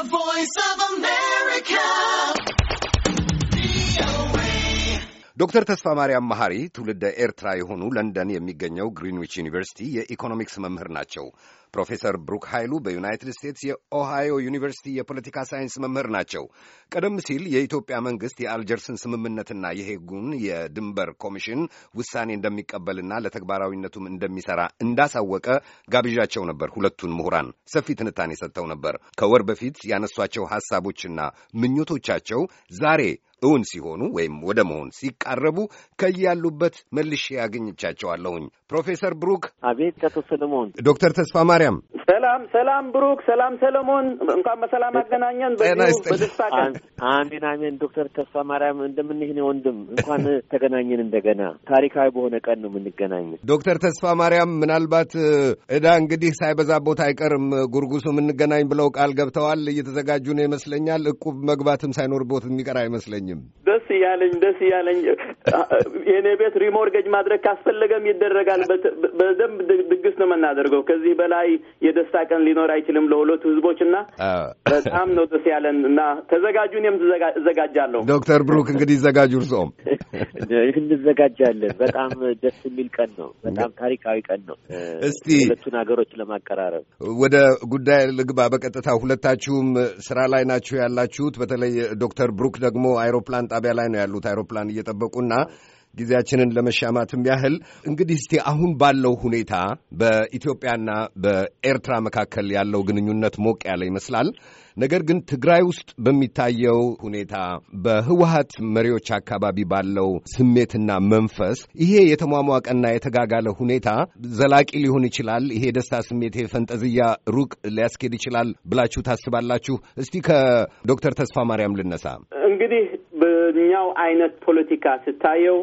The Voice of America. ዶክተር ተስፋ ማርያም መሐሪ ትውልደ ኤርትራ የሆኑ ለንደን የሚገኘው ግሪንዊች ዩኒቨርሲቲ የኢኮኖሚክስ መምህር ናቸው። ፕሮፌሰር ብሩክ ኃይሉ በዩናይትድ ስቴትስ የኦሃዮ ዩኒቨርሲቲ የፖለቲካ ሳይንስ መምህር ናቸው። ቀደም ሲል የኢትዮጵያ መንግሥት የአልጀርስን ስምምነትና የሄጉን የድንበር ኮሚሽን ውሳኔ እንደሚቀበልና ለተግባራዊነቱም እንደሚሠራ እንዳሳወቀ ጋብዣቸው ነበር። ሁለቱን ምሁራን ሰፊ ትንታኔ ሰጥተው ነበር። ከወር በፊት ያነሷቸው ሐሳቦችና ምኞቶቻቸው ዛሬ እውን ሲሆኑ ወይም ወደ መሆን ሲቃረቡ ከያሉበት መልሼ ያገኝቻቸዋለሁኝ። ፕሮፌሰር ብሩክ አቤት። ከቶ ሰለሞን ዶክተር ተስፋ Благодарим. ሰላም ሰላም፣ ብሩክ ሰላም፣ ሰለሞን እንኳን በሰላም አገናኘን። በደስታ ቀን አሜን አሜን። ዶክተር ተስፋ ማርያም እንደምንህን ወንድም እንኳን ተገናኘን። እንደገና ታሪካዊ በሆነ ቀን ነው የምንገናኝ። ዶክተር ተስፋ ማርያም ምናልባት እዳ እንግዲህ ቦታ አይቀርም ጉርጉሱ የምንገናኝ ብለው ቃል ገብተዋል። እየተዘጋጁ ነው ይመስለኛል። እቁብ መግባትም ቦት የሚቀር አይመስለኝም። ደስ እያለኝ ደስ እያለኝ የእኔ ቤት ሪሞርገጅ ማድረግ ካስፈለገም ይደረጋል። በደንብ ድግስ ነው የምናደርገው ከዚህ በላይ የደስታ ቀን ሊኖር አይችልም ለሁለቱ ህዝቦች እና በጣም ነው ደስ ያለን እና ተዘጋጁ። እኔም እዘጋጃለሁ። ዶክተር ብሩክ እንግዲህ ይዘጋጁ፣ እርስዎም እንዘጋጃለን። በጣም ደስ የሚል ቀን ነው። በጣም ታሪካዊ ቀን ነው። እስቲ ሁለቱን ሀገሮች ለማቀራረብ ወደ ጉዳይ ልግባ በቀጥታ ሁለታችሁም ስራ ላይ ናችሁ ያላችሁት። በተለይ ዶክተር ብሩክ ደግሞ አይሮፕላን ጣቢያ ላይ ነው ያሉት አይሮፕላን እየጠበቁና ጊዜያችንን ለመሻማትም ያህል እንግዲህ እስቲ አሁን ባለው ሁኔታ በኢትዮጵያና በኤርትራ መካከል ያለው ግንኙነት ሞቅ ያለ ይመስላል። ነገር ግን ትግራይ ውስጥ በሚታየው ሁኔታ በህወሀት መሪዎች አካባቢ ባለው ስሜትና መንፈስ ይሄ የተሟሟቀና የተጋጋለ ሁኔታ ዘላቂ ሊሆን ይችላል። ይሄ የደስታ ስሜት ፈንጠዝያ ሩቅ ሊያስኬድ ይችላል ብላችሁ ታስባላችሁ? እስቲ ከዶክተር ተስፋ ማርያም ልነሳ። እንግዲህ በኛው አይነት ፖለቲካ ስታየው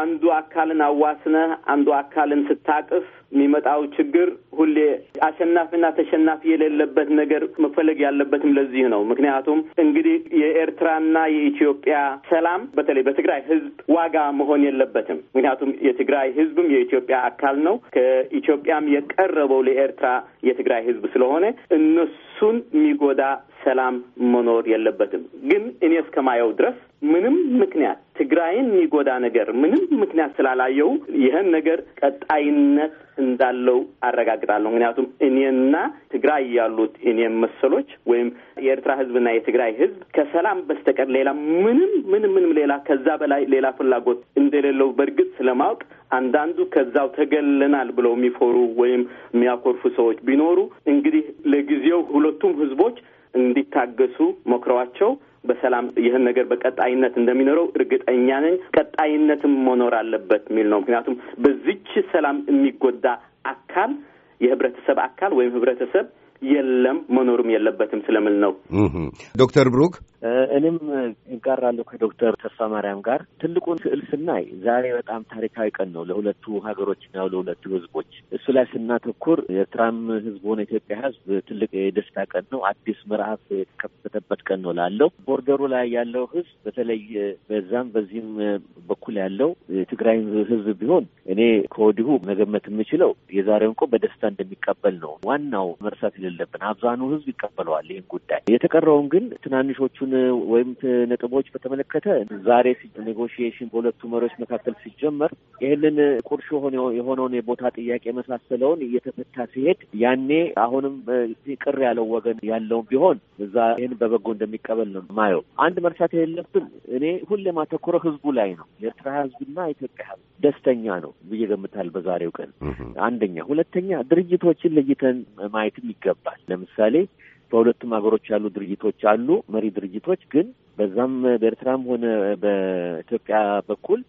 አንዱ አካልን አዋስነህ አንዱ አካልን ስታቅፍ የሚመጣው ችግር ሁሌ አሸናፊና ተሸናፊ የሌለበት ነገር መፈለግ ያለበትም ለዚህ ነው። ምክንያቱም እንግዲህ የኤርትራና የኢትዮጵያ ሰላም በተለይ በትግራይ ሕዝብ ዋጋ መሆን የለበትም። ምክንያቱም የትግራይ ሕዝብም የኢትዮጵያ አካል ነው። ከኢትዮጵያም የቀረበው ለኤርትራ የትግራይ ሕዝብ ስለሆነ እነሱን የሚጎዳ ሰላም መኖር የለበትም። ግን እኔ እስከማየው ድረስ ምንም ምክንያት ትግራይን የሚጎዳ ነገር ምንም ምክንያት ስላላየው ይህን ነገር ቀጣይነት እንዳለው አረጋግጣለሁ። ምክንያቱም እኔና ትግራይ ያሉት እኔ መሰሎች ወይም የኤርትራ ህዝብና የትግራይ ህዝብ ከሰላም በስተቀር ሌላ ምንም ምንም ምንም ሌላ ከዛ በላይ ሌላ ፍላጎት እንደሌለው በእርግጥ ስለማወቅ አንዳንዱ ከዛው ተገልለናል ብለው የሚፈሩ ወይም የሚያኮርፉ ሰዎች ቢኖሩ እንግዲህ ለጊዜው ሁለቱም ህዝቦች። እንዲታገሱ ሞክረዋቸው በሰላም ይህን ነገር በቀጣይነት እንደሚኖረው እርግጠኛ ነኝ። ቀጣይነትም መኖር አለበት የሚል ነው። ምክንያቱም በዚች ሰላም የሚጎዳ አካል የህብረተሰብ አካል ወይም ህብረተሰብ የለም መኖርም የለበትም ስለምል ነው። ዶክተር ብሩክ እኔም እጋራለሁ ከዶክተር ተስፋ ማርያም ጋር ትልቁን ስዕል ስናይ ዛሬ በጣም ታሪካዊ ቀን ነው ለሁለቱ ሀገሮችና ለሁለቱ ህዝቦች። እሱ ላይ ስናተኩር የኤርትራም ሕዝብ ሆነ ኢትዮጵያ ህዝብ ትልቅ የደስታ ቀን ነው። አዲስ ምዕራፍ የተከፈተበት ቀን ነው ላለው ቦርደሩ ላይ ያለው ህዝብ በተለይ በዛም በዚህም በኩል ያለው የትግራይ ህዝብ ቢሆን እኔ ከወዲሁ መገመት የምችለው የዛሬውን እኮ በደስታ እንደሚቀበል ነው ዋናው መርሳት የሌለብን አብዛኑ ህዝብ ይቀበለዋል ይህን ጉዳይ። የተቀረውን ግን ትናንሾቹን ወይም ነጥቦች በተመለከተ ዛሬ ኔጎሽዬሽን በሁለቱ መሪዎች መካከል ሲጀመር ይህንን ቁርሽ የሆነውን የቦታ ጥያቄ የመሳሰለውን እየተፈታ ሲሄድ ያኔ አሁንም ቅር ያለው ወገን ያለውን ቢሆን እዛ ይህን በበጎ እንደሚቀበል ነው ማየው። አንድ መርሳት የሌለብን እኔ ሁሌ ማተኩረው ህዝቡ ላይ ነው። የኤርትራ ህዝብና ኢትዮጵያ ህዝብ ደስተኛ ነው ብዬ ገምታል በዛሬው ቀን አንደኛ። ሁለተኛ ድርጅቶችን ለይተን ማየትም ይገባል። ይገባል። ለምሳሌ በሁለቱም ሀገሮች ያሉ ድርጅቶች አሉ፣ መሪ ድርጅቶች ግን በዛም በኤርትራም ሆነ በኢትዮጵያ በኩል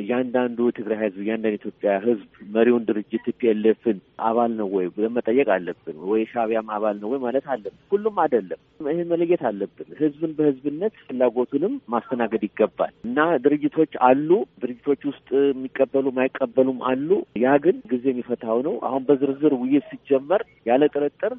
እያንዳንዱ ትግራይ ህዝብ፣ እያንዳንዱ ኢትዮጵያ ህዝብ መሪውን ድርጅት ቲፒኤልኤፍን አባል ነው ወይ ብለን መጠየቅ አለብን ወይ ሻቢያም አባል ነው ወይ ማለት አለብን። ሁሉም አይደለም። ይህን መለየት አለብን። ህዝብን በህዝብነት ፍላጎቱንም ማስተናገድ ይገባል እና ድርጅቶች አሉ። ድርጅቶች ውስጥ የሚቀበሉ የማይቀበሉም አሉ። ያ ግን ጊዜ የሚፈታው ነው። አሁን በዝርዝር ውይይት ሲጀመር ያለ ጥርጥር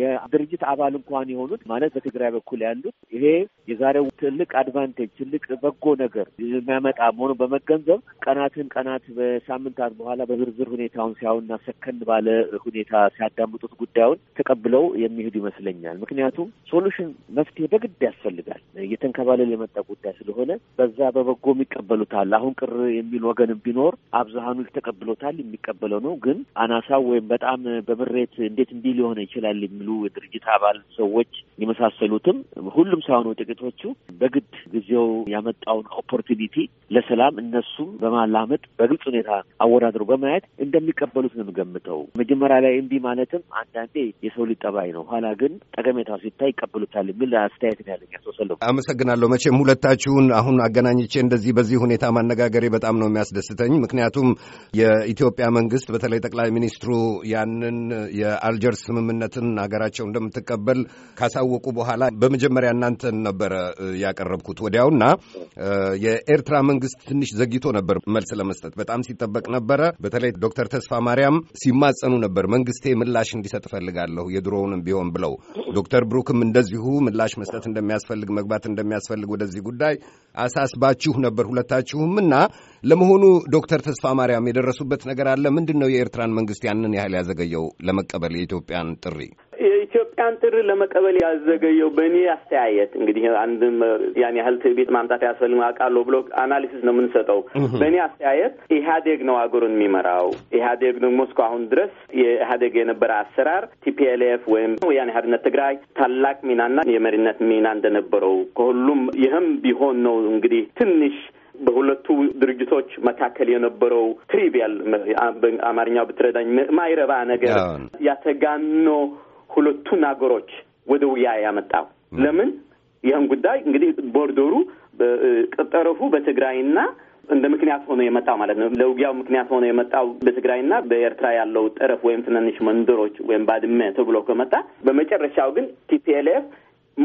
የድርጅት አባል እንኳን የሆኑት ማለት በትግራይ በኩል ያሉት ይሄ የዛሬው ትልቅ አድቫንቴጅ ትልቅ በጎ ነገር የሚያመጣ መሆኑ በመገንዘብ ቀናትን ቀናት በሳምንታት በኋላ በዝርዝር ሁኔታውን ሲያዩና ሰከን ባለ ሁኔታ ሲያዳምጡት ጉዳዩን ተቀብለው የሚሄዱ ይመስለኛል። ምክንያቱም ሶሉሽን መፍትሄ በግድ ያስፈልጋል። እየተንከባለል የመጣ ጉዳይ ስለሆነ በዛ በበጎ የሚቀበሉታል። አሁን ቅር የሚል ወገንም ቢኖር አብዛሃኑ ተቀብሎታል፣ የሚቀበለው ነው። ግን አናሳው ወይም በጣም በምሬት እንዴት እንዲህ ሊሆን ይችላል የሚሉ የድርጅት አባል ሰዎች የመሳሰሉትም ሁሉም ሳይሆኑ ጥቂቶቹ በግድ ጊዜው ያመጣውን ኦፖርቱኒቲ ለሰላም እነሱም በማላመጥ በግልጽ ሁኔታ አወዳድሮ በማየት እንደሚቀበሉት ነው የምገምተው። መጀመሪያ ላይ እምቢ ማለትም አንዳንዴ የሰው ሊጠባይ ነው። ኋላ ግን ጠቀሜታው ሲታይ ይቀበሉታል የሚል አስተያየት ነው ያለኝ። ሰለ አመሰግናለሁ። መቼም ሁለታችሁን አሁን አገናኝቼ እንደዚህ በዚህ ሁኔታ ማነጋገሬ በጣም ነው የሚያስደስተኝ። ምክንያቱም የኢትዮጵያ መንግስት በተለይ ጠቅላይ ሚኒስትሩ ያንን የአልጀርስ ስምምነትን ሀገራቸው እንደምትቀበል ካሳወቁ በኋላ በመጀመሪያ እናንተን ነበረ ያቀረብኩት ወዲያውና የኤርትራ መንግስት ትንሽ ዘግይቶ ነበር መልስ ለመስጠት በጣም ሲጠበቅ ነበረ። በተለይ ዶክተር ተስፋ ማርያም ሲማጸኑ ነበር፣ መንግስቴ ምላሽ እንዲሰጥ እፈልጋለሁ የድሮውንም ቢሆን ብለው። ዶክተር ብሩክም እንደዚሁ ምላሽ መስጠት እንደሚያስፈልግ መግባት እንደሚያስፈልግ ወደዚህ ጉዳይ አሳስባችሁ ነበር ሁለታችሁም እና ለመሆኑ ዶክተር ተስፋ ማርያም የደረሱበት ነገር አለ? ምንድን ነው የኤርትራን መንግስት ያንን ያህል ያዘገየው ለመቀበል የኢትዮጵያን ጥሪ የኢትዮጵያን ጥሪ ለመቀበል ያዘገየው በእኔ አስተያየት እንግዲህ አንድም ያን ያህል ትዕቢት ማምጣት አያስፈልግም አውቃለሁ ብሎ አናሊሲስ ነው የምንሰጠው። በእኔ አስተያየት ኢህአዴግ ነው አገሩን የሚመራው። ኢህአዴግ ደግሞ እስካሁን ድረስ የኢህአዴግ የነበረ አሰራር ቲፒኤልኤፍ ወይም ወያነ ሓርነት ትግራይ ታላቅ ሚናና የመሪነት ሚና እንደነበረው ከሁሉም ይህም ቢሆን ነው እንግዲህ ትንሽ በሁለቱ ድርጅቶች መካከል የነበረው ትሪቪያል አማርኛው ብትረዳኝ ማይረባ ነገር ያተጋኖ ሁለቱን አገሮች ወደ ውያ ያመጣው ለምን ይህን ጉዳይ እንግዲህ ቦርደሩ ጠረፉ በትግራይና እንደ ምክንያት ሆኖ የመጣው ማለት ነው። ለውጊያው ምክንያት ሆኖ የመጣው በትግራይና በኤርትራ ያለው ጠረፍ ወይም ትናንሽ መንደሮች ወይም ባድመ ተብሎ ከመጣ በመጨረሻው ግን ቲፒኤልኤፍ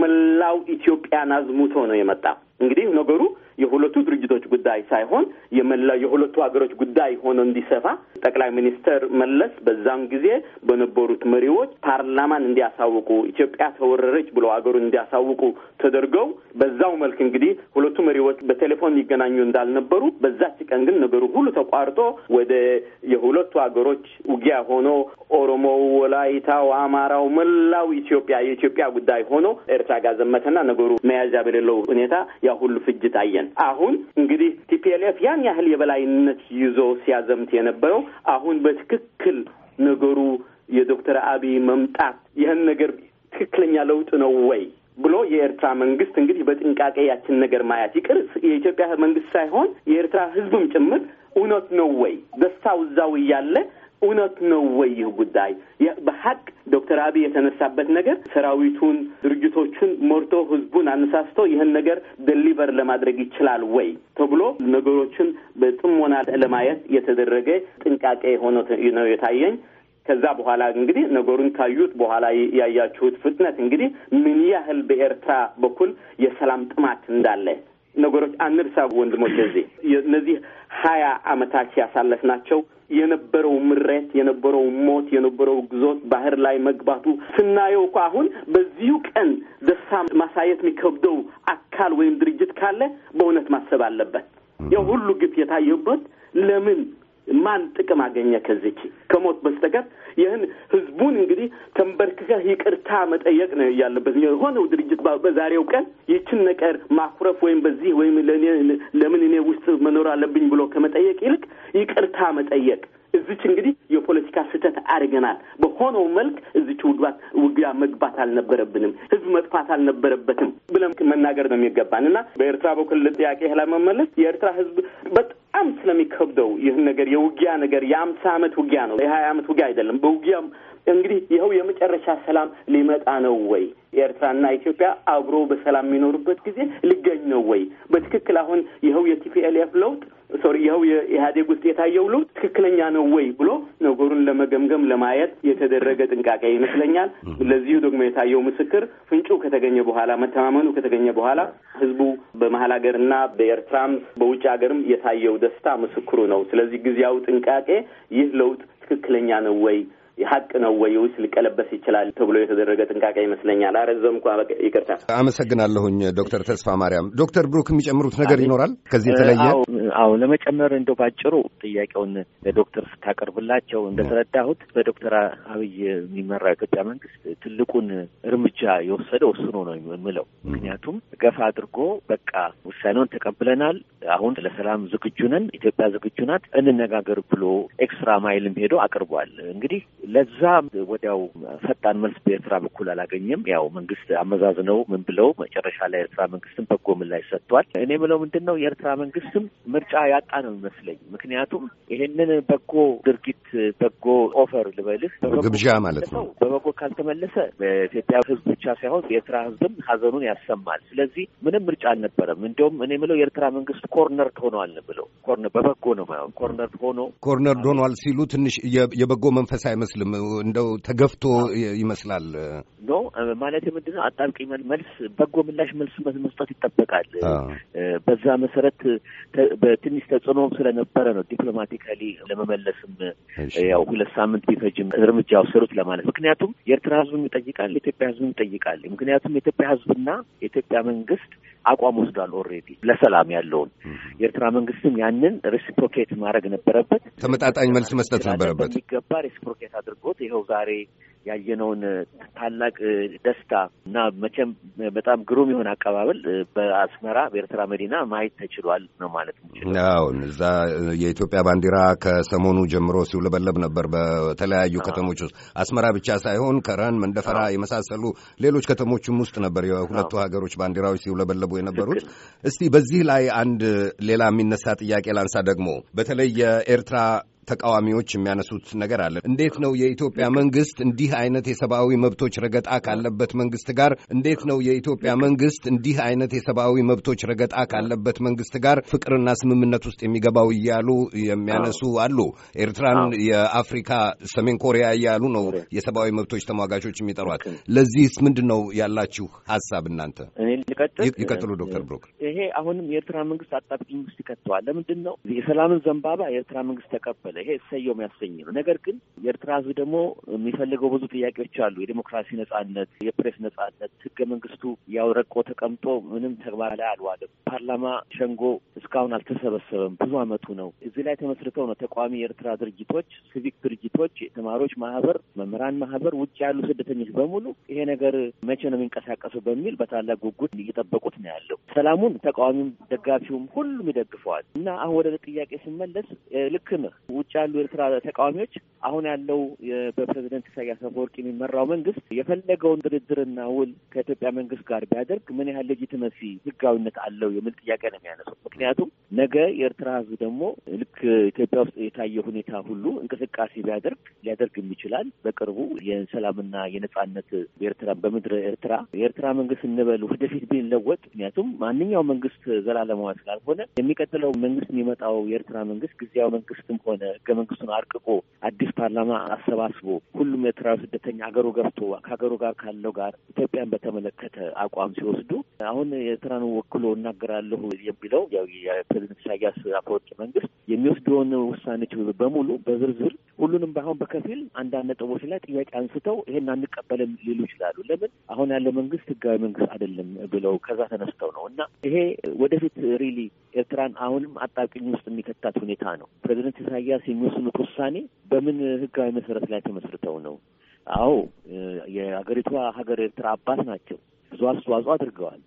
መላው ኢትዮጵያን አዝሙቶ ነው የመጣ። እንግዲህ ነገሩ የሁለቱ ድርጅቶች ጉዳይ ሳይሆን የመላው የሁለቱ ሀገሮች ጉዳይ ሆኖ እንዲሰፋ ጠቅላይ ሚኒስትር መለስ በዛም ጊዜ በነበሩት መሪዎች ፓርላማን እንዲያሳውቁ ኢትዮጵያ ተወረረች ብለው ሀገሩን እንዲያሳውቁ ተደርገው በዛው መልክ እንግዲህ ሁለቱ መሪዎች በቴሌፎን ይገናኙ እንዳልነበሩ በዛች ቀን ግን ነገሩ ሁሉ ተቋርጦ ወደ የሁለቱ ሀገሮች ውጊያ ሆኖ ኦሮሞው፣ ወላይታው፣ አማራው፣ መላው ኢትዮጵያ የኢትዮጵያ ጉዳይ ሆኖ ኤርትራ ጋር ዘመተና ነገሩ መያዣ በሌለው ሁኔታ ያ ሁሉ ፍጅት አየን። ነን። አሁን እንግዲህ ቲፒኤልኤፍ ያን ያህል የበላይነት ይዞ ሲያዘምት የነበረው አሁን በትክክል ነገሩ የዶክተር አብይ መምጣት ይህን ነገር ትክክለኛ ለውጥ ነው ወይ ብሎ የኤርትራ መንግስት እንግዲህ በጥንቃቄ ያችን ነገር ማየት ይቅር፣ የኢትዮጵያ መንግስት ሳይሆን የኤርትራ ህዝብም ጭምር እውነት ነው ወይ ደስታው እዛው እያለ እውነት ነው ወይ ይህ ጉዳይ? በሀቅ ዶክተር አብይ የተነሳበት ነገር ሰራዊቱን፣ ድርጅቶቹን ሞርቶ ህዝቡን አነሳስቶ ይህን ነገር ደሊቨር ለማድረግ ይችላል ወይ ተብሎ ነገሮችን በጥሞና ለማየት የተደረገ ጥንቃቄ ሆኖ ነው የታየኝ። ከዛ በኋላ እንግዲህ ነገሩን ካዩት በኋላ ያያችሁት ፍጥነት እንግዲህ ምን ያህል በኤርትራ በኩል የሰላም ጥማት እንዳለ ነገሮች አንርሳ ወንድሞች። እዚህ እነዚህ ሀያ አመታት ናቸው የነበረው ምሬት፣ የነበረው ሞት፣ የነበረው ግዞት ባህር ላይ መግባቱ ስናየው እኮ አሁን በዚሁ ቀን ደስታ ማሳየት የሚከብደው አካል ወይም ድርጅት ካለ በእውነት ማሰብ አለበት። የሁሉ ግፍ የታየበት ለምን ማን ጥቅም አገኘ ከዚች ከሞት በስተቀር? ይህን ህዝቡን እንግዲህ ተንበርክከህ ይቅርታ መጠየቅ ነው ያለበት። የሆነው ድርጅት በዛሬው ቀን ይችን ነቀር ማኩረፍ ወይም በዚህ ወይም ለምን እኔ ውስጥ መኖር አለብኝ ብሎ ከመጠየቅ ይልቅ ይቅርታ መጠየቅ እዚች እንግዲህ የፖለቲካ ስህተት አድርገናል። በሆነው መልክ እዚች ውግባት ውጊያ መግባት አልነበረብንም፣ ህዝብ መጥፋት አልነበረበትም ብለን መናገር ነው የሚገባን እና በኤርትራ በኩል ጥያቄ ላይ መመለስ የኤርትራ ህዝብ በጣም ስለሚከብደው ይህን ነገር የውጊያ ነገር የአምሳ ዓመት ውጊያ ነው፣ የሀያ ዓመት ውጊያ አይደለም። በውጊያም እንግዲህ ይኸው የመጨረሻ ሰላም ሊመጣ ነው ወይ? ኤርትራና ኢትዮጵያ አብሮ በሰላም የሚኖሩበት ጊዜ ሊገኝ ነው ወይ? በትክክል አሁን ይኸው የቲፒኤልኤፍ ለውጥ ሶሪ ይኸው የኢህአዴግ ውስጥ የታየው ለውጥ ትክክለኛ ነው ወይ ብሎ ነገሩን ለመገምገም ለማየት የተደረገ ጥንቃቄ ይመስለኛል። ለዚሁ ደግሞ የታየው ምስክር ፍንጩ ከተገኘ በኋላ መተማመኑ ከተገኘ በኋላ ህዝቡ በመሀል ሀገርና በኤርትራም በውጭ ሀገርም የታየው ደስታ ምስክሩ ነው። ስለዚህ ጊዜያዊ ጥንቃቄ ይህ ለውጥ ትክክለኛ ነው ወይ የሀቅ ነው ወይ ውስ ሊቀለበስ ይችላል ተብሎ የተደረገ ጥንቃቄ ይመስለኛል። እኳ ይቅርታ። አመሰግናለሁኝ ዶክተር ተስፋ ማርያም። ዶክተር ብሩክ የሚጨምሩት ነገር ይኖራል ከዚህ የተለየ? አዎ ለመጨመር እንደው ባጭሩ ጥያቄውን ለዶክተር ስታቀርብላቸው እንደተረዳሁት በዶክተር አብይ የሚመራው ኢትዮጵያ መንግስት ትልቁን እርምጃ የወሰደ ወስኖ ነው የምለው። ምክንያቱም ገፋ አድርጎ በቃ ውሳኔውን ተቀብለናል፣ አሁን ለሰላም ዝግጁ ነን፣ ኢትዮጵያ ዝግጁ ናት፣ እንነጋገር ብሎ ኤክስትራ ማይልም ሄዶ አቅርቧል። እንግዲህ ለዛ ወዲያው ፈጣን መልስ በኤርትራ በኩል አላገኘም። ያው መንግስት አመዛዝነው ምን ብለው መጨረሻ ላይ ኤርትራ መንግስትም በጎ ምላሽ ሰጥቷል። እኔ ብለው ምንድን ነው የኤርትራ መንግስትም ምርጫ ያጣ ነው ይመስለኝ። ምክንያቱም ይሄንን በጎ ድርጊት በጎ ኦፈር ልበልህ ግብዣ ማለት ነው በበጎ ካልተመለሰ በኢትዮጵያ ህዝብ ብቻ ሳይሆን በኤርትራ ህዝብም ሀዘኑን ያሰማል። ስለዚህ ምንም ምርጫ አልነበረም። እንዲሁም እኔ ብለው የኤርትራ መንግስት ኮርነርድ ሆኗል ብለው ኮርነር በበጎ ነው ኮርነርድ ሆኖ ኮርነርድ ሆኗል ሲሉ ትንሽ የበጎ መንፈስ አይመስል አይመስልም። እንደው ተገፍቶ ይመስላል። ኖ ማለት ምንድን ነው አጣብቂኝ መልስ፣ በጎ ምላሽ መልስ መስጠት ይጠበቃል። በዛ መሰረት በትንሽ ተጽዕኖም ስለነበረ ነው ዲፕሎማቲካሊ ለመመለስም ያው ሁለት ሳምንት ቢፈጅም እርምጃ ወሰዱት ለማለት ምክንያቱም የኤርትራ ህዝብም ይጠይቃል፣ የኢትዮጵያ ህዝብም ይጠይቃል። ምክንያቱም የኢትዮጵያ ህዝብና የኢትዮጵያ መንግስት አቋም ወስዷል። ኦሬዲ ለሰላም ያለውን የኤርትራ መንግስትም ያንን ሬሲፕሮኬት ማድረግ ነበረበት። ተመጣጣኝ መልስ መስጠት ነበረበት። የሚገባ ሬሲፕሮኬት አድርጎት ይኸው ዛሬ ያየነውን ታላቅ ደስታ እና መቼም በጣም ግሩም የሆነ አቀባበል በአስመራ በኤርትራ መዲና ማየት ተችሏል ነው ማለት ነው። እዛ የኢትዮጵያ ባንዲራ ከሰሞኑ ጀምሮ ሲውለበለብ ነበር በተለያዩ ከተሞች ውስጥ አስመራ ብቻ ሳይሆን ከረን፣ መንደፈራ የመሳሰሉ ሌሎች ከተሞችም ውስጥ ነበር የሁለቱ ሀገሮች ባንዲራዎች ሲውለበለቡ የነበሩት። እስቲ በዚህ ላይ አንድ ሌላ የሚነሳ ጥያቄ ላንሳ ደግሞ በተለይ የኤርትራ ተቃዋሚዎች የሚያነሱት ነገር አለ። እንዴት ነው የኢትዮጵያ መንግስት እንዲህ አይነት የሰብአዊ መብቶች ረገጣ ካለበት መንግስት ጋር እንዴት ነው የኢትዮጵያ መንግስት እንዲህ አይነት የሰብአዊ መብቶች ረገጣ ካለበት መንግስት ጋር ፍቅርና ስምምነት ውስጥ የሚገባው እያሉ የሚያነሱ አሉ። ኤርትራን የአፍሪካ ሰሜን ኮሪያ እያሉ ነው የሰብአዊ መብቶች ተሟጋቾች የሚጠሯት። ለዚህስ ምንድን ነው ያላችሁ ሀሳብ እናንተ? እኔ ይቀጥሉ ዶክተር ብሩክ ይሄ አሁንም የኤርትራ መንግስት አጣብቂኝ ውስጥ ይከተዋል ለምንድን ነው የሰላምን ዘንባባ የኤርትራ መንግስት ተቀበለ ይሄ እሰየው የሚያሰኝ ነው ነገር ግን የኤርትራ ህዝብ ደግሞ የሚፈልገው ብዙ ጥያቄዎች አሉ የዴሞክራሲ ነጻነት የፕሬስ ነጻነት ህገ መንግስቱ ያውረቆ ተቀምጦ ምንም ተግባር ላይ አልዋለም ፓርላማ ሸንጎ እስካሁን አልተሰበሰበም ብዙ አመቱ ነው እዚህ ላይ ተመስርተው ነው ተቋሚ የኤርትራ ድርጅቶች ሲቪክ ድርጅቶች የተማሪዎች ማህበር መምህራን ማህበር ውጭ ያሉ ስደተኞች በሙሉ ይሄ ነገር መቼ ነው የሚንቀሳቀሱ በሚል በታላቅ ጉጉት እየጠበቁት ነው ያለው። ሰላሙን ተቃዋሚም ደጋፊውም ሁሉም ይደግፈዋል እና አሁን ወደ ጥያቄ ስመለስ ልክ ነህ። ውጭ ያሉ የኤርትራ ተቃዋሚዎች አሁን ያለው በፕሬዚደንት ኢሳያስ አፈወርቂ የሚመራው መንግስት የፈለገውን ድርድርና ውል ከኢትዮጵያ መንግስት ጋር ቢያደርግ ምን ያህል ሌጂትመሲ ህጋዊነት አለው የሚል ጥያቄ ነው የሚያነሱ። ምክንያቱም ነገ የኤርትራ ህዝብ ደግሞ ልክ ኢትዮጵያ ውስጥ የታየ ሁኔታ ሁሉ እንቅስቃሴ ቢያደርግ ሊያደርግም ይችላል። በቅርቡ የሰላምና የነጻነት ኤርትራ በምድር ኤርትራ የኤርትራ መንግስት እንበል ወደፊት ህዝብ ቢለወጥ፣ ምክንያቱም ማንኛው መንግስት ዘላለማዊ ስላልሆነ የሚቀጥለው መንግስት የሚመጣው የኤርትራ መንግስት ጊዜያዊ መንግስትም ሆነ ህገ መንግስቱን አርቅቆ አዲስ ፓርላማ አሰባስቦ ሁሉም ኤርትራዊ ስደተኛ አገሩ ገብቶ ከሀገሩ ጋር ካለው ጋር ኢትዮጵያን በተመለከተ አቋም ሲወስዱ አሁን ኤርትራን ወክሎ እናገራለሁ የሚለው ያው የፕሬዚደንት ኢሳያስ አፈወርቂ መንግስት የሚወስደውን ውሳኔዎች በሙሉ በዝርዝር ሁሉንም ባይሆን በከፊል አንዳንድ ነጥቦች ላይ ጥያቄ አንስተው ይሄን አንቀበልም ሊሉ ይችላሉ። ለምን አሁን ያለ መንግስት ህጋዊ መንግስት አይደለም ብለው ከዛ ተነስተው ነው እና ይሄ ወደፊት ሪሊ ኤርትራን አሁንም አጣብቂኝ ውስጥ የሚከታት ሁኔታ ነው። ፕሬዚደንት ኢሳያስ የሚወስኑት ውሳኔ በምን ህጋዊ መሰረት ላይ ተመስርተው ነው? አዎ የአገሪቷ ሀገር ኤርትራ አባት ናቸው። ብዙ አስተዋጽኦ አድርገዋል።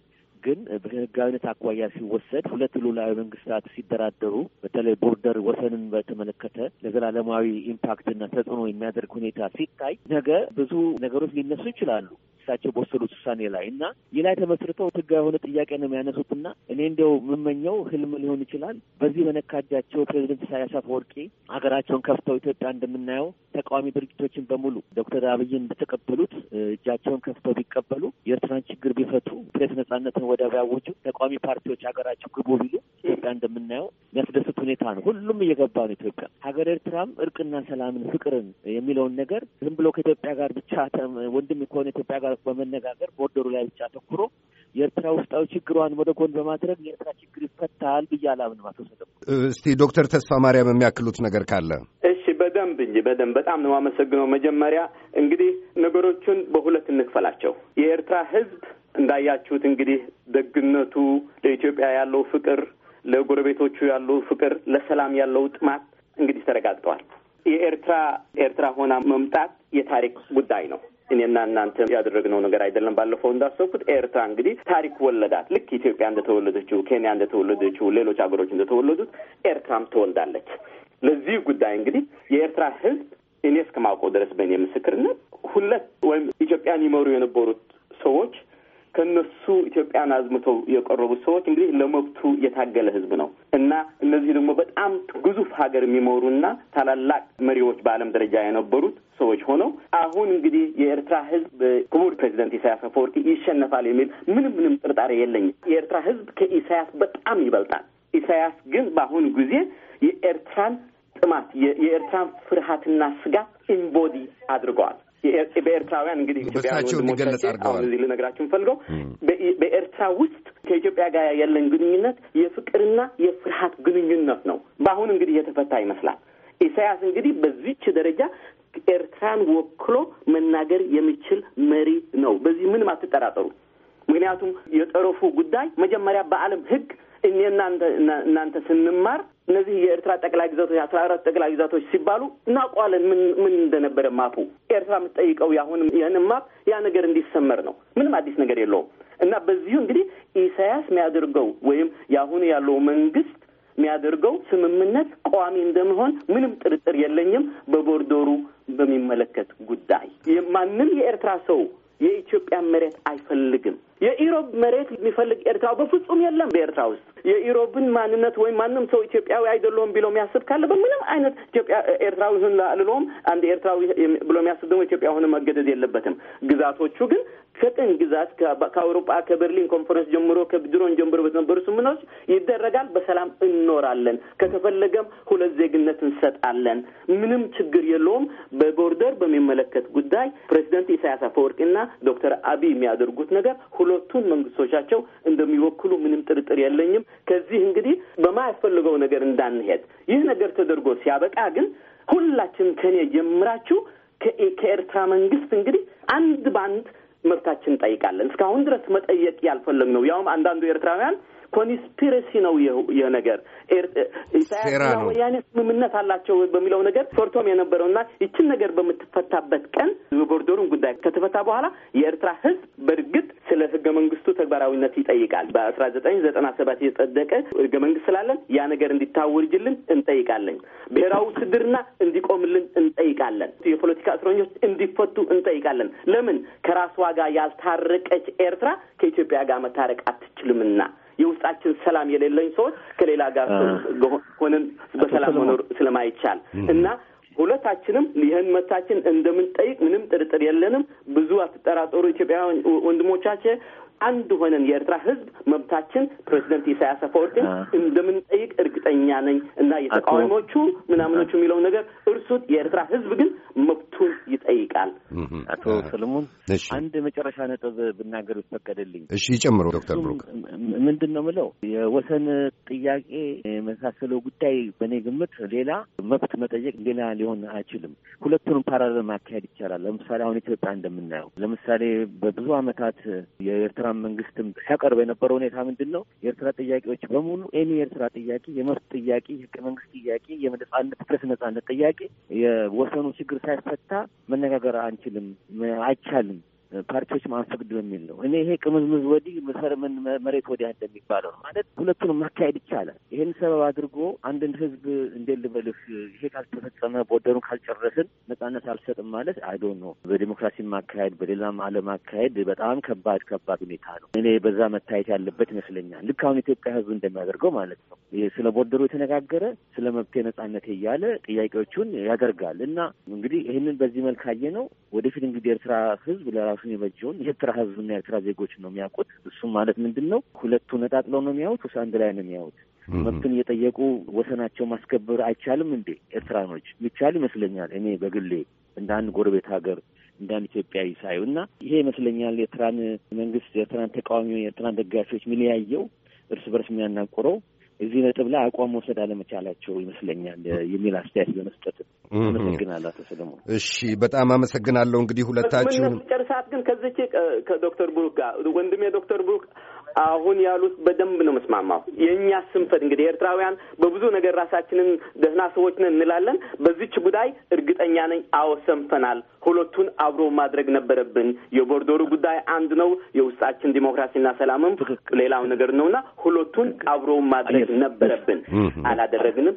ግን በህጋዊነት አኳያ ሲወሰድ ሁለት ሉዓላዊ መንግስታት ሲደራደሩ በተለይ ቦርደር ወሰንን በተመለከተ ለዘላለማዊ ኢምፓክትና ተጽዕኖ የሚያደርግ ሁኔታ ሲታይ ነገ ብዙ ነገሮች ሊነሱ ይችላሉ እሳቸው በወሰዱት ውሳኔ ላይ እና ይህ ላይ ተመስርተው ህጋዊ የሆነ ጥያቄ ነው የሚያነሱትና እኔ እንደው የምመኘው ህልም ሊሆን ይችላል። በዚህ በነካጃቸው ፕሬዚደንት ኢሳያስ አፈወርቂ ሀገራቸውን ከፍተው ኢትዮጵያ እንደምናየው ተቃዋሚ ድርጅቶችን በሙሉ ዶክተር አብይን እንደተቀበሉት እጃቸውን ከፍተው ቢቀበሉ የኤርትራን ችግር ቢፈቱ ፕሬስ ነጻነትን ወደ ቢያውጁ ተቃዋሚ ፓርቲዎች ሀገራቸው ግቡ ቢሉ ኢትዮጵያ እንደምናየው የሚያስደስት ሁኔታ ነው። ሁሉም እየገባ ነው። ኢትዮጵያ ሀገር ኤርትራም እርቅና ሰላምን ፍቅርን የሚለውን ነገር ዝም ብሎ ከኢትዮጵያ ጋር ብቻ ወንድም ከሆነ ኢትዮጵያ ጋር በመነጋገር ቦርደሩ ላይ ብቻ ተኩሮ የኤርትራ ውስጣዊ ችግሯን ወደ ጎን በማድረግ የኤርትራ ችግር ይፈታል ብዬ አላምንም። አቶ እስቲ ዶክተር ተስፋ ማርያም የሚያክሉት ነገር ካለ እሺ። በደንብ እንጂ በደንብ በጣም ነው የማመሰግነው። መጀመሪያ እንግዲህ ነገሮቹን በሁለት እንክፈላቸው። የኤርትራ ህዝብ እንዳያችሁት እንግዲህ ደግነቱ፣ ለኢትዮጵያ ያለው ፍቅር፣ ለጎረቤቶቹ ያለው ፍቅር፣ ለሰላም ያለው ጥማት እንግዲህ ተረጋግጠዋል። የኤርትራ ኤርትራ ሆና መምጣት የታሪክ ጉዳይ ነው። እኔና እናንተ ያደረግነው ነገር አይደለም። ባለፈው እንዳሰብኩት ኤርትራ እንግዲህ ታሪክ ወለዳት። ልክ ኢትዮጵያ እንደተወለደችው፣ ኬንያ እንደተወለደችው፣ ሌሎች ሀገሮች እንደተወለዱት ኤርትራም ተወልዳለች። ለዚህ ጉዳይ እንግዲህ የኤርትራ ሕዝብ እኔ እስከማውቀው ድረስ በእኔ ምስክርነት ሁለት ወይም ኢትዮጵያን ይመሩ የነበሩት ሰዎች ከነሱ ኢትዮጵያን አዝምተው የቀረቡ ሰዎች እንግዲህ ለመብቱ የታገለ ህዝብ ነው እና እነዚህ ደግሞ በጣም ግዙፍ ሀገር የሚመሩና ታላላቅ መሪዎች በዓለም ደረጃ የነበሩት ሰዎች ሆነው አሁን እንግዲህ የኤርትራ ህዝብ ክቡር ፕሬዚደንት ኢሳያስ አፈወርቂ ይሸነፋል የሚል ምንም ምንም ጥርጣሬ የለኝም። የኤርትራ ህዝብ ከኢሳያስ በጣም ይበልጣል። ኢሳያስ ግን በአሁኑ ጊዜ የኤርትራን ጥማት የኤርትራን ፍርሃትና ስጋት ኢምቦዲ አድርገዋል። በኤርትራውያን እንግዲህ ኢትዮጵያውያን ወንድሞቻችን አሁን እዚህ ልነግራችሁ የምፈልገው በኤርትራ ውስጥ ከኢትዮጵያ ጋር ያለን ግንኙነት የፍቅርና የፍርሃት ግንኙነት ነው። በአሁን እንግዲህ የተፈታ ይመስላል። ኢሳያስ እንግዲህ በዚች ደረጃ ኤርትራን ወክሎ መናገር የሚችል መሪ ነው። በዚህ ምንም አትጠራጠሩ። ምክንያቱም የጠረፉ ጉዳይ መጀመሪያ በዓለም ሕግ እኔ እናንተ ስንማር እነዚህ የኤርትራ ጠቅላይ ግዛቶች አስራ አራት ጠቅላይ ግዛቶች ሲባሉ እናውቀዋለን ምን ምን እንደነበረ ማፑ ኤርትራ የምትጠይቀው ያሁን ይህን ማፕ ያ ነገር እንዲሰመር ነው። ምንም አዲስ ነገር የለውም እና በዚሁ እንግዲህ ኢሳያስ የሚያደርገው ወይም የአሁን ያለው መንግስት የሚያደርገው ስምምነት ቋሚ እንደመሆን ምንም ጥርጥር የለኝም። በቦርዶሩ በሚመለከት ጉዳይ ማንም የኤርትራ ሰው የኢትዮጵያን መሬት አይፈልግም። የኢሮብ መሬት የሚፈልግ ኤርትራ በፍጹም የለም። በኤርትራ ውስጥ የኢሮብን ማንነት ወይም ማንም ሰው ኢትዮጵያዊ አይደለሁም ብሎ የሚያስብ ካለ በምንም አይነት ኢትዮጵያ ኤርትራዊ ሁን አልለውም። አንድ ኤርትራዊ ብሎ የሚያስብ ደግሞ ኢትዮጵያ ሆነ መገደድ የለበትም። ግዛቶቹ ግን ቅኝ ግዛት ከአውሮፓ ከበርሊን ኮንፈረንስ ጀምሮ ከድሮን ጀምሮ በተነበሩ ስምምነቶች ይደረጋል። በሰላም እንኖራለን። ከተፈለገም ሁለት ዜግነት እንሰጣለን። ምንም ችግር የለውም። በቦርደር በሚመለከት ጉዳይ ፕሬዚደንት ኢሳያስ አፈወርቂና ዶክተር አብይ የሚያደርጉት ነገር ሁለቱን መንግስቶቻቸው እንደሚወክሉ ምንም ጥርጥር የለኝም። ከዚህ እንግዲህ በማያስፈልገው ነገር እንዳንሄድ ይህ ነገር ተደርጎ ሲያበቃ ግን ሁላችን ከኔ ጀምራችሁ ከኤርትራ መንግስት እንግዲህ አንድ ባንድ መብታችን እንጠይቃለን። እስካሁን ድረስ መጠየቅ ያልፈለግ ነው። ያውም አንዳንዱ ኤርትራውያን ኮንስፒረሲ ነው ይህ ነገር ወያኔ ስምምነት አላቸው በሚለው ነገር ፈርቶም የነበረውና ይችን ነገር በምትፈታበት ቀን የቦርደሩን ጉዳይ ከተፈታ በኋላ የኤርትራ ህዝብ በእርግጥ ስለ ህገ መንግስቱ ተግባራዊነት ይጠይቃል። በአስራ ዘጠኝ ዘጠና ሰባት የጸደቀ ህገ መንግስት ስላለን ያ ነገር እንዲታወጅልን እንጠይቃለን። ብሔራዊ ውትድርና እንዲቆምልን እንጠይቃለን። የፖለቲካ እስረኞች እንዲፈቱ እንጠይቃለን። ለምን ከራስ ዋጋ ያልታረቀች ኤርትራ ከኢትዮጵያ ጋር መታረቅ አትችልምና የውስጣችን ሰላም የሌለኝ ሰዎች ከሌላ ጋር ሆነን በሰላም መኖር ስለማይቻል እና ሁለታችንም ይህን መብታችን እንደምንጠይቅ ምንም ጥርጥር የለንም። ብዙ አትጠራጠሩ። ኢትዮጵያውያን ወንድሞቻችን አንድ ሆነን የኤርትራ ሕዝብ መብታችን ፕሬዚደንት ኢሳያስ አፈወርቅን እንደምንጠይቅ እርግጠኛ ነኝ እና የተቃዋሚዎቹ ምናምኖቹ የሚለው ነገር እርሱ የኤርትራ ሕዝብ ግን መብቱን ይጠይቃል። አቶ ሰለሞን አንድ መጨረሻ ነጥብ ብናገር ይፈቀደልኝ። እሺ፣ ይጨምሩ ዶክተር ብሩክ ምንድን ነው ምለው የወሰን ጥያቄ የመሳሰለው ጉዳይ በእኔ ግምት ሌላ መብት መጠየቅ ሌላ ሊሆን አይችልም። ሁለቱንም ፓራለል ማካሄድ ይቻላል። ለምሳሌ አሁን ኢትዮጵያ እንደምናየው ለምሳሌ በብዙ ዓመታት የኤርትራን መንግስትም ሲያቀርብ የነበረው ሁኔታ ምንድን ነው የኤርትራ ጥያቄዎች በሙሉ ኤኒ የኤርትራ ጥያቄ፣ የመብት ጥያቄ፣ የህገ መንግስት ጥያቄ፣ የነጻነት ፕሬስ ነጻነት ጥያቄ የወሰኑ ችግር ሳይፈታ መነጋገር አንችልም አይቻልም ፓርቲዎች ማንፈቅድ በሚል ነው። እኔ ይሄ ቅምዝምዝ ወዲህ መሰር ምን መሬት ወዲያ እንደሚባለው ነው ማለት ሁለቱንም ማካሄድ ይቻላል። ይህን ሰበብ አድርጎ አንድን ህዝብ እንዴት ልበልህ፣ ይሄ ካልተፈጸመ ቦርደሩን ካልጨረስን ነጻነት አልሰጥም ማለት አይዶ ነው። በዲሞክራሲ ማካሄድ በሌላም አለም አካሄድ በጣም ከባድ ከባድ ሁኔታ ነው። እኔ በዛ መታየት ያለበት ይመስለኛል። ልክ አሁን ኢትዮጵያ ህዝብ እንደሚያደርገው ማለት ነው። ስለ ቦርደሩ የተነጋገረ ስለ መብቴ ነጻነት እያለ ጥያቄዎቹን ያደርጋል እና እንግዲህ ይህንን በዚህ መልክ አየ ነው። ወደፊት እንግዲህ ኤርትራ ህዝብ ለራ ራሱን የበጀውን የኤርትራ ህዝብና የኤርትራ ዜጎች ነው የሚያውቁት። እሱም ማለት ምንድን ነው? ሁለቱ ነጣጥለው ነው የሚያዩት ወይስ አንድ ላይ ነው የሚያዩት? መብትን እየጠየቁ ወሰናቸው ማስከበር አይቻልም እንዴ? ኤርትራኖች የሚቻል ይመስለኛል። እኔ በግሌ እንደ አንድ ጎረቤት ሀገር እንደ አንድ ኢትዮጵያዊ ሳዩ እና ይሄ ይመስለኛል የኤርትራን መንግስት፣ የኤርትራን ተቃዋሚ፣ የኤርትራን ደጋፊዎች የሚለያየው እርስ በርስ የሚያናቁረው እዚህ ነጥብ ላይ አቋም መውሰድ አለመቻላቸው ይመስለኛል የሚል አስተያየት በመስጠት አመሰግናለሁ። አቶ ሰለሞን። እሺ፣ በጣም አመሰግናለሁ። እንግዲህ ሁለታችሁ ሰዓት ግን ከዚች ከዶክተር ብሩክ ጋር ወንድሜ ዶክተር ብሩክ አሁን ያሉት በደንብ ነው መስማማው። የእኛ ስንፈት እንግዲህ ኤርትራውያን በብዙ ነገር ራሳችንን ደህና ሰዎች ነን እንላለን። በዚች ጉዳይ እርግጠኛ ነኝ፣ አዎ ሰንፈናል። ሁለቱን አብሮ ማድረግ ነበረብን። የቦርደሩ ጉዳይ አንድ ነው። የውስጣችን ዲሞክራሲና ሰላምም ሌላው ነገር ነውና ሁለቱን አብሮ ማድረግ ነበረብን። አላደረግንም።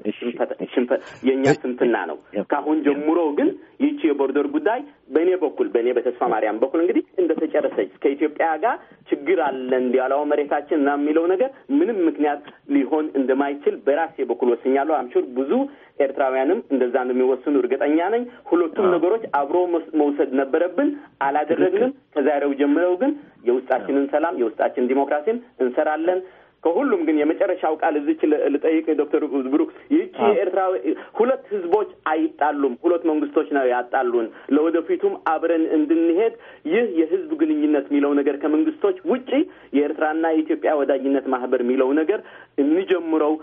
የእኛ ስንፍና ነው። ካሁን ጀምሮ ግን ይቺ የቦርደር ጉዳይ በእኔ በኩል በእኔ በተስፋ ማርያም በኩል እንግዲህ እንደተጨረሰች ከኢትዮጵያ ጋር ችግር አለን ዲያላው መሬታችን እና የሚለው ነገር ምንም ምክንያት ሊሆን እንደማይችል በራሴ በኩል ወስኛለሁ። አምሹር ብዙ ኤርትራውያንም እንደዛ እንደሚወስኑ እርግጠኛ ነኝ። ሁለቱም ነገሮች አብሮ መውሰድ ነበረብን፣ አላደረግንም። ከዛሬው ጀምረው ግን የውስጣችንን ሰላም የውስጣችንን ዲሞክራሲን እንሰራለን። ከሁሉም ግን የመጨረሻው ቃል እዚች ልጠይቅ ዶክተር ብሩክ ይህቺ የኤርትራ ሁለት ህዝቦች አይጣሉም፣ ሁለት መንግስቶች ነው ያጣሉን። ለወደፊቱም አብረን እንድንሄድ ይህ የህዝብ ግንኙነት የሚለው ነገር ከመንግስቶች ውጪ የኤርትራና የኢትዮጵያ ወዳጅነት ማህበር የሚለው ነገር እንጀምረው፣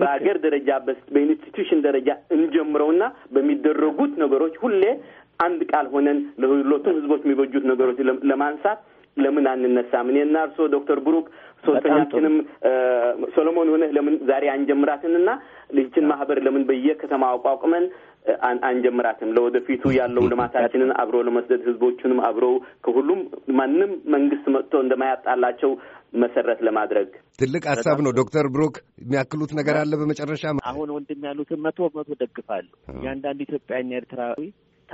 በሀገር ደረጃ በኢንስቲትዩሽን ደረጃ እንጀምረውና በሚደረጉት ነገሮች ሁሌ አንድ ቃል ሆነን ለሁለቱም ህዝቦች የሚበጁት ነገሮች ለማንሳት ለምን አንነሳም? እኔና እርስዎ ዶክተር ብሩክ ሶስተኛችንም ሰሎሞን ሆነህ ለምን ዛሬ አንጀምራትን እና ልጅችን ማህበር ለምን በየከተማ አቋቁመን አንጀምራትም? ለወደፊቱ ያለው ልማታችንን አብሮ ለመስደድ ህዝቦቹንም አብሮ ከሁሉም ማንም መንግስት መጥቶ እንደማያጣላቸው መሰረት ለማድረግ ትልቅ ሀሳብ ነው። ዶክተር ብሩክ የሚያክሉት ነገር አለ? በመጨረሻ አሁን ወንድም ያሉትን መቶ መቶ ደግፋለሁ። እያንዳንዱ ኢትዮጵያና ኤርትራዊ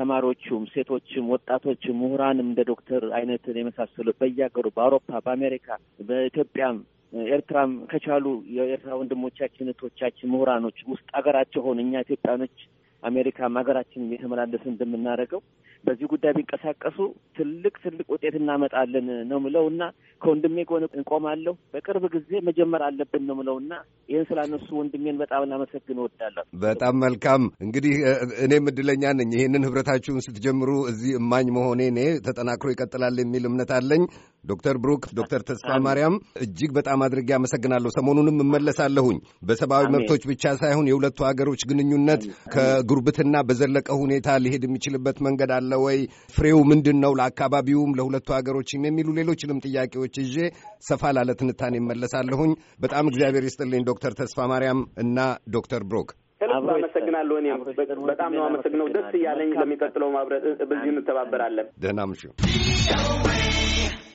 ተማሪዎቹም፣ ሴቶችም፣ ወጣቶችም፣ ምሁራንም እንደ ዶክተር አይነትን የመሳሰሉ በያገሩ በአውሮፓ፣ በአሜሪካ፣ በኢትዮጵያም ኤርትራም ከቻሉ የኤርትራ ወንድሞቻችን እህቶቻችን ምሁራኖች ውስጥ አገራቸው ሆን እኛ ኢትዮጵያኖች አሜሪካም ሀገራችን የተመላለስ እንደምናደርገው በዚህ ጉዳይ ቢንቀሳቀሱ ትልቅ ትልቅ ውጤት እናመጣለን ነው ምለው እና ከወንድሜ ጎን እንቆማለሁ። በቅርብ ጊዜ መጀመር አለብን ነው ምለው እና ይህን ስላነሱ ወንድሜን በጣም ላመሰግን እወዳለሁ። በጣም መልካም። እንግዲህ እኔም ምድለኛ ነኝ። ይህንን ህብረታችሁን ስትጀምሩ እዚህ እማኝ መሆኔ እኔ ተጠናክሮ ይቀጥላል የሚል እምነት አለኝ። ዶክተር ብሩክ ዶክተር ተስፋ ማርያም እጅግ በጣም አድርጌ አመሰግናለሁ። ሰሞኑንም እመለሳለሁኝ። በሰብአዊ መብቶች ብቻ ሳይሆን የሁለቱ ሀገሮች ግንኙነት ጉርብትና በዘለቀ ሁኔታ ሊሄድ የሚችልበት መንገድ አለ ወይ? ፍሬው ምንድን ነው? ለአካባቢውም ለሁለቱ ሀገሮችም የሚሉ ሌሎችንም ጥያቄዎች ይዤ ሰፋ ላለ ትንታኔ እመለሳለሁኝ። በጣም እግዚአብሔር ይስጥልኝ ዶክተር ተስፋ ማርያም እና ዶክተር ብሮክ ከልብ አመሰግናለሁ። እኔም በጣም ነው አመሰግነው። ደስ እያለኝ ለሚቀጥለው ማብረ በዚህ እንተባበራለን። ደህና ምሽ